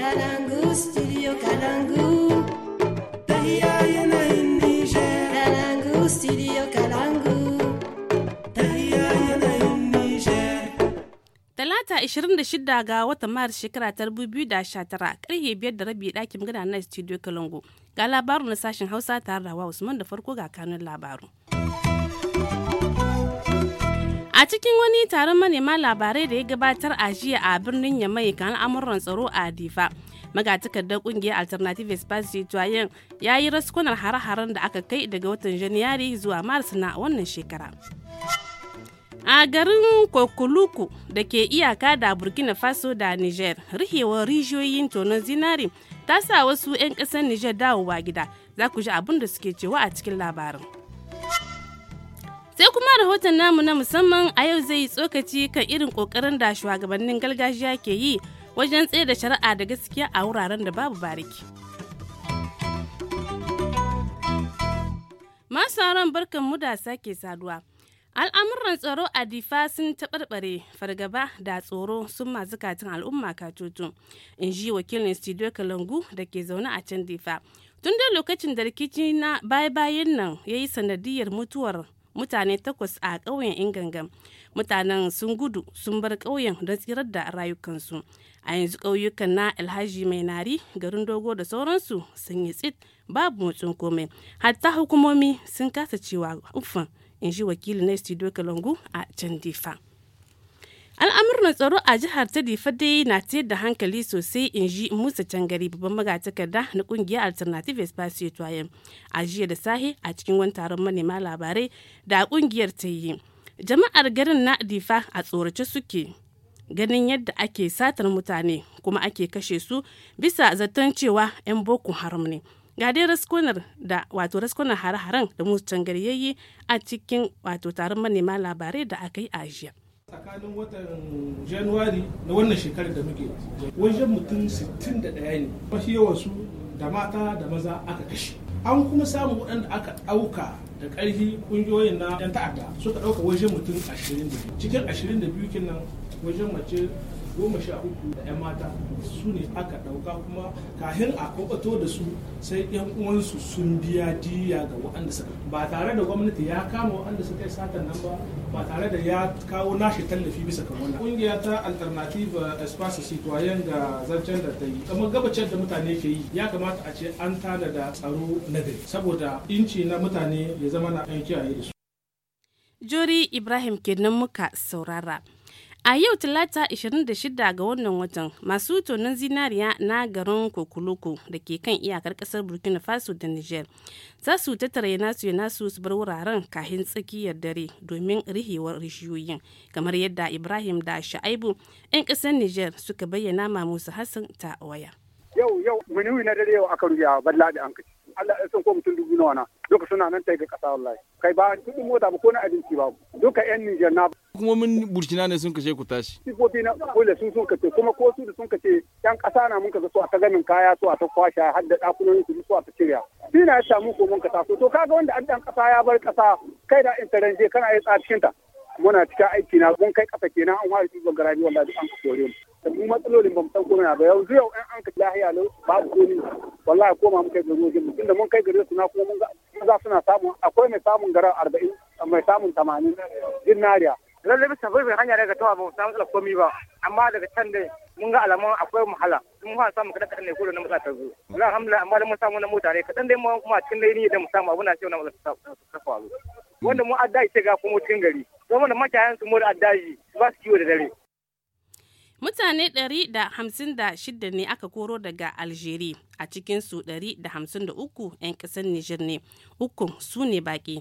Kalangu, Talata 26 ga watan Maris shekara ta 2019 karfe biyar da rabi ɗakin magana na studio Kalangu. Ga labaru na sashen Hausa tare da Hawa Usman da farko ga kanun labaru. A cikin wani taron manema labarai da ya gabatar a jiya a birnin Yamai kan al'amuran tsaro a Difa, magatakardar kungiyar Alternative space Citoyen ya yi raskunar hare-haren da aka kai daga watan Janairu zuwa Maris na wannan shekara. A garin Kokuluku da ke iyaka da Burkina Faso da Niger, rihewar rijiyoyin tonon zinari ta sa wasu 'yan ƙasar Niger dawowa gida, za ku ji abin da suke cewa a cikin labarin. sai kuma rahoton namu na musamman a yau zai yi tsokaci kan irin kokarin da shugabannin gargajiya ke yi wajen tsaye da shari'a da gaskiya a wuraren da babu bariki masu ran barkan mu da sake saduwa al'amuran tsaro a difa sun taɓarɓare fargaba da tsoro sun ma katin al'umma katoto in ji wakilin studio kalangu da ke zaune a can difa tun da lokacin da rikici na baya-bayan nan ya yi sanadiyar mutuwar mutane takwas a ƙauyen ingangam mutanen sun gudu sun bar ƙauyen don tsirar da rayukansu a yanzu ƙauyukan na alhaji mai nari garin dogo da sauransu sun yi tsit babu motsin komai hatta hukumomi sun kasa cewa uffan in ji wakili na studio kalangu a can difa al'amuran tsaro a jihar ta difa dai na tayar da hankali sosai in ji musa gari babban magatakarda na kungiyar alternative espacio toyen a jiya da sahi a cikin wani taron manema labarai da kungiyar ta yi jama'ar garin na difa a tsorace suke ganin yadda ake satar mutane kuma ake kashe su bisa zaton cewa 'yan boko haram ne ga dai raskunar da wato raskunar hare-haren da musu gari yayi a cikin wato taron manema labarai da aka yi a jiya tsakanin watan januwari na wannan shekarar da muke wajen mutum 61 ne mafi yawansu da mata da maza aka kashe an kuma samun waɗanda aka ɗauka da ƙarfi ƙungiyoyin na 'yan ta'adda suka ɗauka wajen mutum 22 cikin 22 kin nan wajen mace goma sha uku da 'yan mata su ne aka ɗauka kuma kahin a kwakwato da su sai 'yan uwansu sun biya diya ga waɗanda suka ba tare da gwamnati ya kama waɗanda suka yi satan nan ba ba tare da ya kawo nashi tallafi bisa kan wannan kungiya ta alternative espace citoyen da zancen da ta yi kamar gabacin da mutane ke yi ya kamata a ce an tana da tsaro na gari saboda inci na mutane ya zama na a kiyaye da su jori ibrahim kenan muka saurara A yau Talata 26 ga wannan watan masu tonon zinariya na garin Kokoloko da ke kan iyakar kasar Burkina Faso da Niger za su tattara nasu nasu su bar wuraren kahin tsakiyar dare domin rihewar rishiyoyin kamar yadda Ibrahim da Sha'aibu 'yan kasar Niger suka bayyana ma Musa Hassan ta waya. Yau yau dare yau aka an Allah ya san ko mutum dubu nawa na duka suna nan ta ga kasa wallahi kai ba kudin mota ba ko na abinci ba duka yan Niger na kuma mun Burkina ne sun kashe ku tashi sifofi na kula sun sun kace kuma ko su da sun kace yan kasa na mun ka zo a ta ganin kaya to a ta kwasha har da dakunan su su a ta cirya shi na ya samu ko mun ka kasa to kaga wanda an dan kasa ya bar kasa kai da je kana yi tsacikin ta muna cika aiki na mun kai kasa kenan an ware cikin garabi wallahi an kore mu da mu matsalolin ba mu san ko ba yanzu yau an an ka lahiya lau babu komi wallahi koma mun kai wajen mutum da mun kai gari suna kuma mun za suna samu akwai mai samun garan arba'in mai samun tamanin dinariya lalle bisa bai bai hanya daga tawa ba mu samu komi ba amma daga can dai mun ga alamun akwai muhala mun ha samu kadan kadan ne ko da na mutsa ta zo wallahi hamla amma da mun samu na ne kadan dai mu kuma cikin dai ni da mu samu abu na cewa na mutsa ta faru wanda mu addaji ce ga kuma cikin gari saboda makiyayan su mu addaji ba su kiwo da dare mutane 156 ne aka koro daga algeria a cikinsu 153 'yan kasar niger ne ukun su ne baki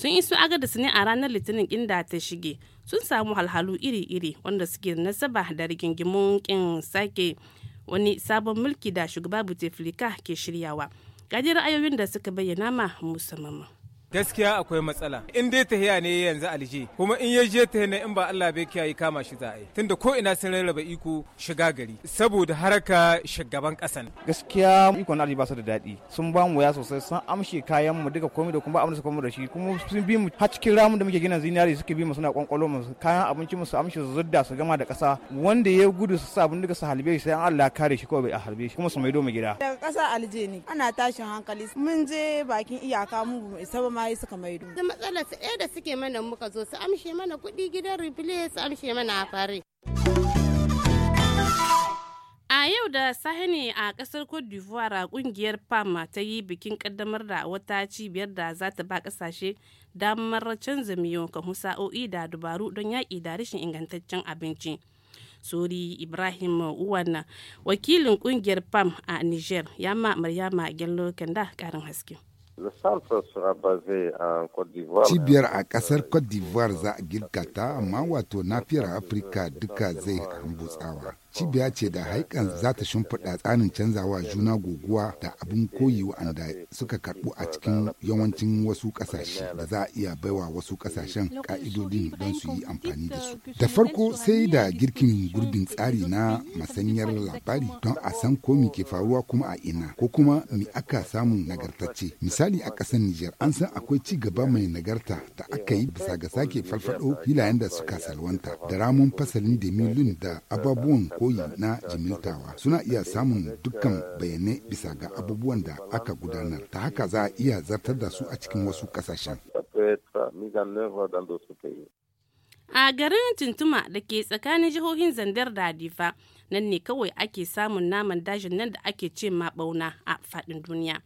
sun iso agadis ne a ranar litinin inda ta shige sun samu halhalu iri-iri wanda suke nasaba da rigingimun kin sake wani sabon mulki da shugaba bouteflika ke shiryawa gajiyar ayoyin da suka bayyana ma musamman gaskiya akwai matsala in dai hiya ne yanzu alje kuma in ya je tahiya in ba Allah bai kiyaye kama shi za a yi tunda ko ina sun rarraba iko shiga gari saboda haraka shugaban kasan gaskiya iko na ba su da daɗi sun ba mu waya sosai sun amshe kayan mu duka komai da kuma abin da suka mu da shi kuma sun bi mu har cikin ramin da muke gina zinari suke bi mu suna kwankwalo mu kayan abinci mu su amshe su zudda su gama da ƙasa wanda ya gudu su sa abin duka su halbe shi sai an Allah kare shi kawai a halbe shi kuma su maido mu gida daga ƙasa alje ne ana tashin hankali mun je bakin iyaka mu isa ba ma yi suka maido. Da matsalar su da suke mana muka zo su amshe mana kuɗi gidan replace su amshe mana a fare. A yau da sahne a ƙasar Cote d'Ivoire kungiyar PAM ta yi bikin kaddamar da wata cibiyar da za ta ba kasashe damar canza miyo ka da dubaru don yaƙi da rashin ingantaccen abinci. Sori Ibrahim Uwana wakilin ƙungiyar PAM a Niger, ya Maryama Gello Kanda ƙarin haske. Cibiyar a ƙasar Cote d'Ivoire za a girka ta, amma wato nafiyar Afirka duka zai hambutsawa. cibiya ce da haikan za ta shimfiɗa tsarin canzawa juna guguwa da abin koyi wa'anda suka karɓu a cikin yawancin wasu ƙasashe da za a iya baiwa wasu ƙasashen ƙa'idodin don su yi amfani da su da farko sai da girkin gurbin tsari na masanyar labari don a san ko ke faruwa kuma a ina ko kuma mi aka samu nagartacce misali a ƙasar Nijar an san akwai ci gaba mai nagarta da aka yi bisa ga sake farfaɗo filayen da suka salwanta da ramun fasalin da da ababuwan koyi na jimintawa suna iya samun dukkan bayanai bisa ga abubuwan da aka gudanar ta haka za a iya zartar da su a cikin wasu kasashen. A garin Tintuma da ke tsakanin jihohin Zandar da nan ne kawai ake samun naman dajin nan da ake ce ma bauna a fadin duniya.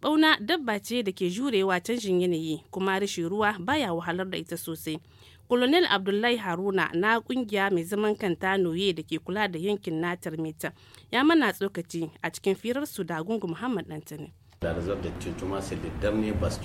Bauna dabba ce da ke jurewa canjin yanayi kuma rashin ruwa baya wahalar da ita sosai. colonel abdullahi haruna na kungiya mai zaman kanta noye da ke kula da yankin natar mita ya mana tsokaci a cikin firarsu da gungu muhammad dantani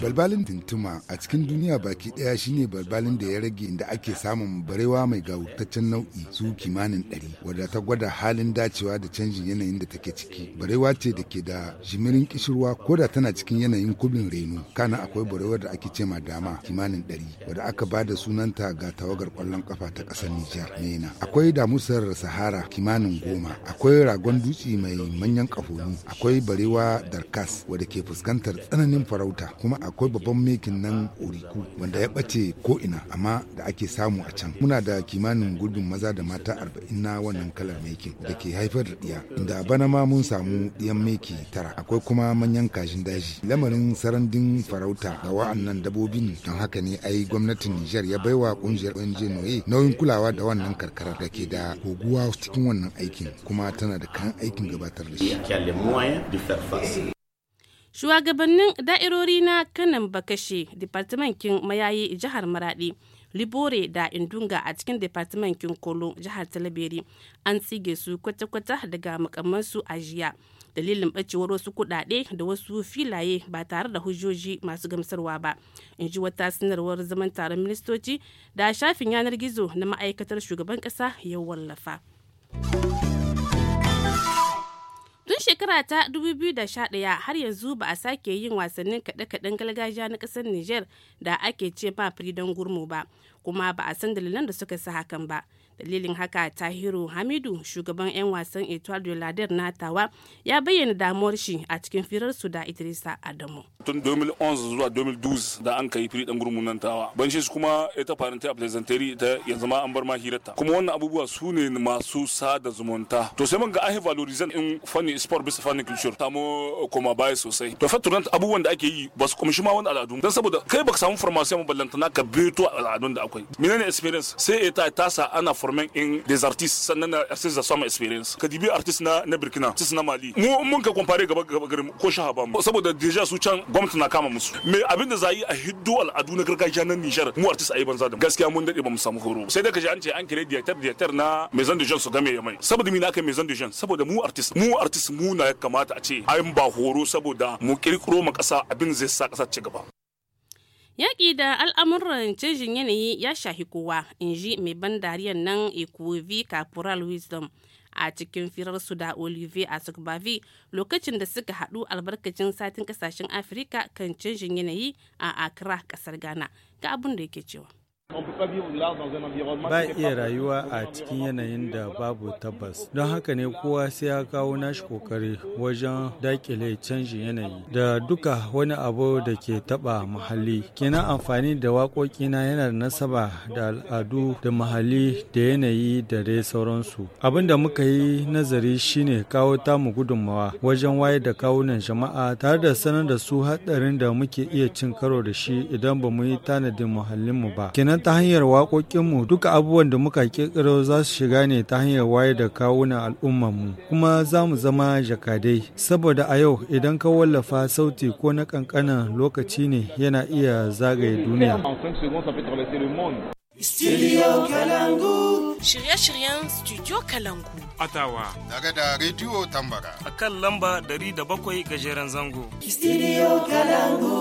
Balbalin tintuma a cikin duniya baki daya shine balbalin da ya rage inda ake samun barewa mai gawurtaccen nau'i su kimanin ɗari wadda ta gwada halin dacewa da canjin yanayin da take ciki. Barewa ce da ke da jimirin kishirwa ko da tana cikin yanayin kubin reno. Kana akwai barewar da ake ce ma dama kimanin ɗari wadda aka ba da sunanta ga tawagar kwallon kafa ta ƙasar Nijar Nena. Akwai damusar Sahara kimanin goma. Akwai ragon dutse mai manyan kafoni. Akwai barewa Darkas da ke fuskantar tsananin farauta kuma akwai babban mekin nan oriku wanda ya bace ko ina amma da ake samu a can muna da kimanin gudun maza da mata arba'in na wannan kalar mekin da ke haifar da ɗiya inda bana ma mun samu ɗiyan meki tara akwai kuma manyan kashin daji lamarin sarandin farauta ga wa'annan dabobin don haka ne ai gwamnatin Nijar ya baiwa kungiyar ONG Noye nauyin kulawa da wannan karkarar da ke da guguwa cikin wannan aikin kuma tana da kayan aikin gabatar da shi. shugabannin da'irori na kanan bakashe departamentin mayayi jihar maradi libore da indunga a cikin departamentin kolo jihar talabiri an tsige su kwata-kwata daga makamansu a jiya dalilin ɓacewar wasu kuɗaɗe da wasu filaye ba tare da hujjoji masu gamsarwa ba in ji wata sanarwar zaman taron ministoci da shafin yanar gizo na ma'aikatar shugaban ƙasa ya wallafa. shekara ta 2011 har yanzu ba a sake yin wasannin kaɗe-kaɗen gargajiya na ƙasar Nijar da ake ce ba Freedom Gurmu ba. kuma ba a san dalilan da suka sa hakan ba dalilin haka tahiru hamidu shugaban 'yan wasan etoile de ladar na tawa ya bayyana damuwar shi a cikin firar su da idrisa adamu tun 2011 zuwa 2012 da an kai firi dan gurmun nan tawa ban shi kuma ita faranta a plezantari ta ya zama an bar ma hirarta kuma wannan abubuwa su ne masu sada zumunta to sai mun ga ahi valorizan in fanni sport bisa fanni culture ta mu koma baya sosai to faturant abubuwan da ake yi ba su kuma shi ma wani al'adu dan saboda kai baka samu ba lantana ka beto al'adun da akwai menene experience sai a ta sa ana forming in des artistes sannan na artistes da samu experience ka dibi artist na na Burkina artist na Mali mu mun ka compare gaba gaba garin ko shaha ba mu saboda deja su can gwamnati na kama musu me abin da zai a hiddu al'adu na gargajiya na Niger mu artist ayi banza da gaskiya mun dade ba mu samu horo sai da kaji an ce an kire director director na Maison de Jeunes su game yamai. mai saboda n'a kai Maison de Jeunes saboda mu artist mu artist mu na ya kamata a ce ayin ba horo saboda mu kirkiro mu kasa abin zai sa kasa ci gaba Yaƙi da al'amuran canjin yanayi ya shahi kowa, in ji mai ban dariyar nan ekuvi Caporal Wisdom a cikin firarsu da Olivier Asogbavi lokacin da suka haɗu albarkacin satin ƙasashen Afirka kan canjin yanayi a Accra, ƙasar Ghana. Ga abin da yake cewa. Ba iya rayuwa a cikin yanayin da babu tabbas. Don haka ne kowa sai ya kawo nashi kokari wajen dakile canjin yanayi da duka wani abu da ke taba mahalli Kenan amfani da waƙoƙina yana da nasaba da al'adu da mahalli da yanayi da dai sauransu. Abin da muka yi nazari shine kawo tamu gudunmawa wajen waye da kawunan jama'a tare da sanar da su haɗarin da muke iya cin karo da shi idan ba mu yi tanadin muhallinmu ba. Kenan ta hanyar waƙoƙinmu duka abubuwan da muka ƙirƙiro za su shiga ne ta hanyar waye da kawunan al'ummanmu, kuma za mu zama jakadai. Saboda a yau idan ka wallafa sauti ko na ƙanƙana lokaci ne yana iya zagaye duniya. Kalangu. Shirye-shiryen Studio Kalangu. Atawa. Daga da Radio Tambara. A kan lamba dari da bakwai gajeren zango. Studio Kalangu.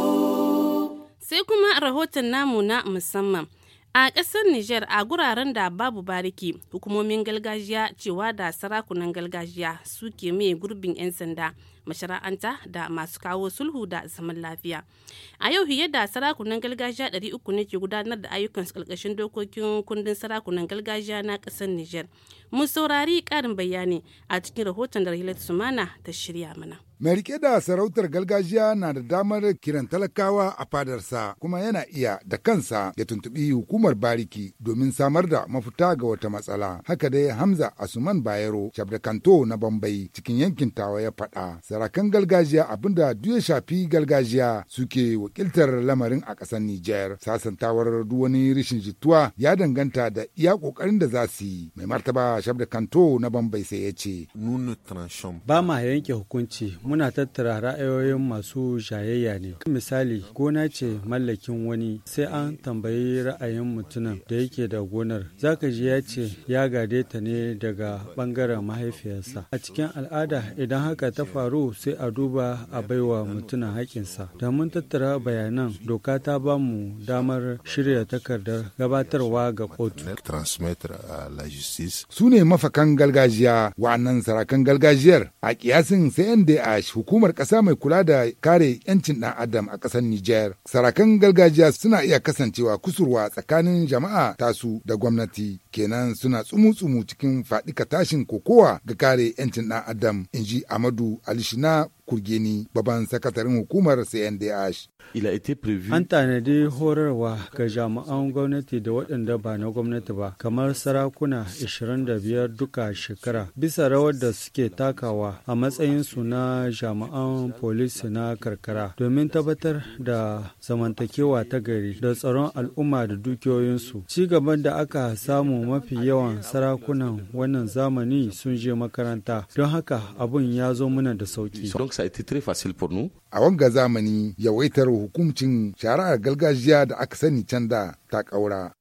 Sai kuma rahoton namu na musamman. a ƙasar Nijar, a guraren da babu bariki hukumomin gargajiya cewa da sarakunan gargajiya suke mai gurbin 'yan sanda mashara'anta da masu kawo sulhu da zaman lafiya a yau fiye da sarakunan gargajiya 300 ne ke gudanar da ayyukan su ƙarƙashin dokokin kundin sarakunan gargajiya na ƙasar Nijar. mun saurari ƙarin bayani a cikin rahoton da rahilatu sumana ta shirya mana Mai rike da sarautar gargajiya na da damar kiran talakawa a fadarsa kuma yana iya da kansa ya tuntubi hukumar bariki domin samar da mafita ga wata matsala. Haka dai Hamza Asuman Bayero, shabda kanto na Bambai cikin yankin Tawa ya faɗa. Sarakan gargajiya abinda duk ya shafi gargajiya suke wakiltar lamarin a ƙasar Nijar. Sasantawar duk wani rishin jituwa ya danganta da iya ƙoƙarin da za su yi. Mai martaba kanto na Bambai sai ya ce. Ba ma yanke hukunci muna tattara ra'ayoyin masu shayayya ne misali gona ce mallakin wani sai an tambayi ra'ayin mutumin da yake da gonar zaka ji ya ce ya gade ta ne daga bangaren mahaifiyarsa a cikin al'ada idan haka ta faru sai a duba a baiwa mutumin haƙinsa da mun tattara bayanan doka ta ba mu damar shirya takardar gabatarwa ga kotu su ne mafakan gargajiya wa'annan sarakan gargajiyar a kiyasin sai yadda a Daesh hukumar ƙasa mai kula da kare 'yancin ɗan adam a ƙasar Nijar. Sarakan gargajiya suna iya kasancewa kusurwa tsakanin jama'a tasu da gwamnati. kenan suna tsumu-tsumu cikin faɗika tashin kokowa ga kare 'yancin ɗan adam in ji amadu alishina kurgeni baban sakataren hukumar cndh an tanadi horarwa ga jami'an gwamnati da waɗanda ba na gwamnati ba kamar sarakuna 25 duka shekara bisa rawar da suke takawa a matsayin su na jami'an polisi na karkara domin tabbatar da zamantakewa ta gari da tsaron al'umma da dukiyoyinsu ci gaban da aka samu mafi yawan sarakunan wannan zamani sun je makaranta don haka abun ya zo muna da sauki. A wanga zamani yawaitar hukuncin shari'ar gargajiya da aka sani can da ta ƙaura.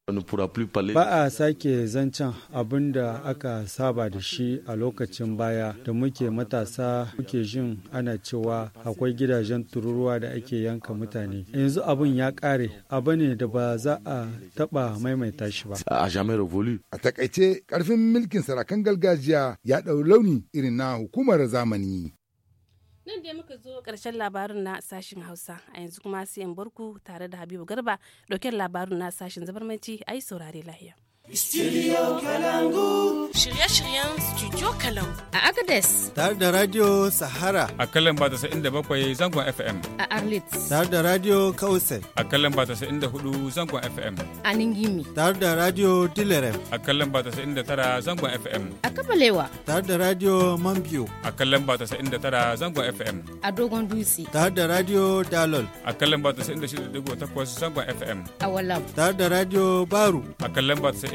Ba a sake zancen abin da aka saba da shi a lokacin baya da muke matasa muke jin ana cewa akwai gidajen tururuwa da ake yanka mutane. Yanzu abin ya kare abu ne da ba za a taɓa maimaita shi ba. A a takaice, karfin mulkin sarakan gargajiya ya ɗau launi irin na hukumar zamani. nan dai muka zo ƙarshen labarin na sashen hausa a yanzu kuma sai in barku tare da habibu garba ɗauken labarin na sashin zabarmanci ai saurare lahiya Studio Kalangu. Shirye-shiryen Studio Kalangu. A Agadez. Tare da Radio Sahara. A kalan ba bakwai zangon FM. A Arlit. Tare da Radio Kausai. A kalan ba hudu zangon FM. A Ningimi. Tare da Radio Dilerem. A kalan ba tara zangon FM. A Kabalewa. Tare da Radio Mambiyo. A kalan ba tara zangon FM. A Dogon Dutse. Tare da Radio Dalol. A kalan ba takwas zangon FM. A Walam. Tare da Radio Baru. A kalan ba